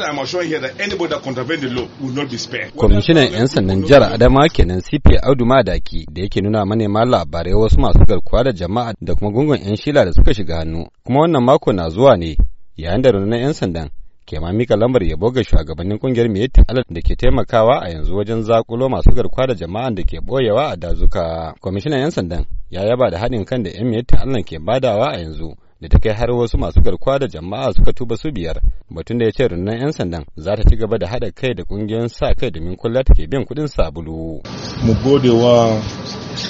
what Kwamishinan 'yan sandan jihar Adama kenan CP Audu Madaki da yake nuna manema labarai wasu masu garkuwa da jama'a da kuma gungun 'yan shila da suka shiga hannu. Kuma wannan mako na zuwa ne yayin da rundunar 'yan sandan ke ma mika lambar yabo ga shugabannin kungiyar Miyetti Alal da ke taimakawa a yanzu wajen zakulo masu garkuwa da jama'a da ke boyewa a dazuka. Kwamishinan 'yan sandan ya yaba da haɗin kan da 'yan Miyetti Alal ke badawa a yanzu. da ta kai har wasu masu garkuwa da jama'a suka tuba su biyar batun da ya ce rundunar 'yan sandan za ta ci gaba da haɗa kai da ƙungiyar sa kai domin kula take biyan kuɗin sabulu. mu gode wa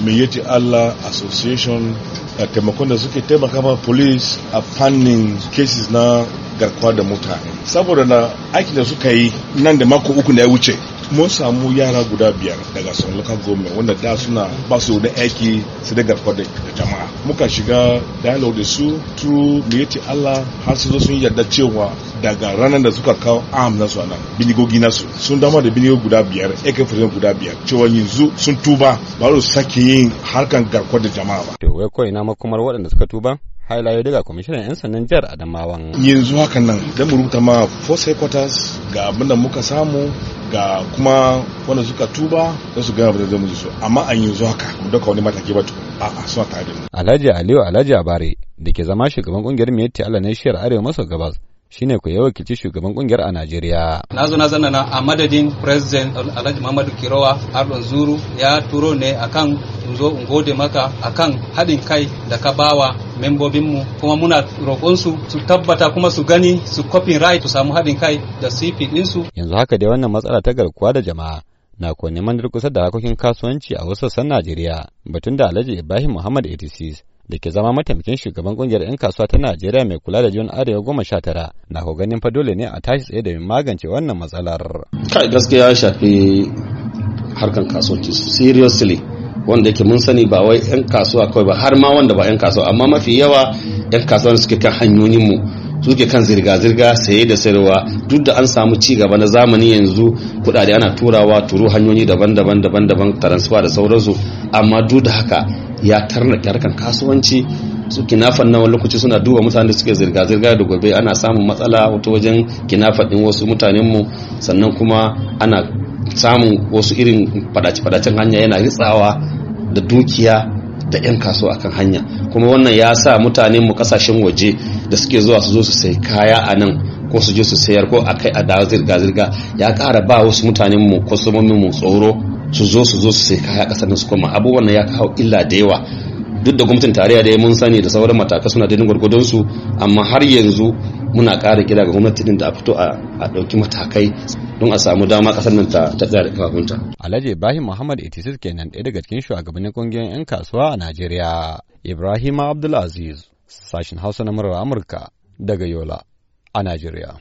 Miyetti Allah Association da taimakon da suke taimaka ma police a fannin cases na garkuwa da mutane saboda na aikin da suka yi nan da mako uku da ya wuce mun samu yara guda biyar daga sun local government wanda da suna ba su da aiki su da garkuwa da jama'a muka shiga dialogue da su through miyati Allah har su zo sun yarda cewa daga ranar da suka kawo arm nasu a nan binigogi nasu sun dama da binigo guda biyar ak guda biyar cewa yanzu sun tuba ba su sake yin harkan garkuwa da jama'a ba. wai ina na makomar waɗanda suka tuba? hailayo daga kwamishinan 'yan sandan jihar adamawan yanzu hakan nan da mu rubuta ma force headquarters ga abin da muka samu ga kuma wanda suka tuba za su gaya da zai musu amma an yanzu haka mu daka wani mataki ba a a'a suna tare da alhaji aliyu alhaji abare da ke zama shugaban kungiyar miyatti allah na shiyar arewa maso gabas shine ku ya wakilci shugaban kungiyar a Najeriya. Na zo na zanna na a madadin President Alhaji Muhammadu Kirowa Ardon Zuru ya turo ne akan in zo in gode maka akan haɗin kai da ka bawa membobinmu kuma muna roƙonsu su tabbata kuma su gani su kofin right su samu haɗin kai da sifi ɗinsu. Yanzu haka dai wannan matsala ta garkuwa da jama'a na kone neman kusa da harkokin kasuwanci a wasu sassan Najeriya batun da Alhaji Ibrahim Muhammad 86 da ke zama mataimakin shugaban kungiyar 'yan kasuwa ta Najeriya mai kula da jiyon arewa goma sha tara na ko ganin fa dole ne a tashi tsaye da magance wannan matsalar. Kai gaskiya ya shafi harkan kasuwanci seriously wanda yake mun sani ba wai 'yan kasuwa kawai ba har ma wanda ba 'yan kasuwa amma mafi yawa 'yan kasuwa suke kan hanyoyinmu suke kan zirga-zirga saye da sayarwa duk da an samu ci gaba na zamani yanzu kudade ana turawa turu hanyoyi daban-daban daban-daban taransifa da sauransu amma duk da haka ya tarna harkan kasuwanci su kinafan na wani lokaci suna duba mutane da suke zirga-zirga da gobe ana samun matsala wata wajen kinafan din wasu mu sannan kuma ana samun wasu irin fadace-fadacen hanya yana ritsawa da dukiya da 'yan kasuwa akan hanya kuma wannan ya sa mutanen mu kasashen waje da suke zuwa su zo su sai kaya a nan ko su je su sayar ko a kai a dawo zirga-zirga ya kara ba wasu mutanen mu kwastomomin mu tsoro su zo su zo su sai kaya kasar nan su koma abubuwan ya kawo illa da yawa duk da gwamnatin tarayya da mun sani da sauran matakai suna daidai gwargwadon su amma har yanzu muna ƙara kira ga gwamnati din da a fito a ɗauki matakai don a samu dama ƙasar nan ta tsaya da kafafunta. Alhaji Ibrahim Muhammad Itisir kenan ɗaya daga cikin shugabannin ƙungiyoyin 'yan kasuwa a Najeriya. Ibrahim Abdulaziz, sashin Hausa na murar Amurka daga Yola a Najeriya.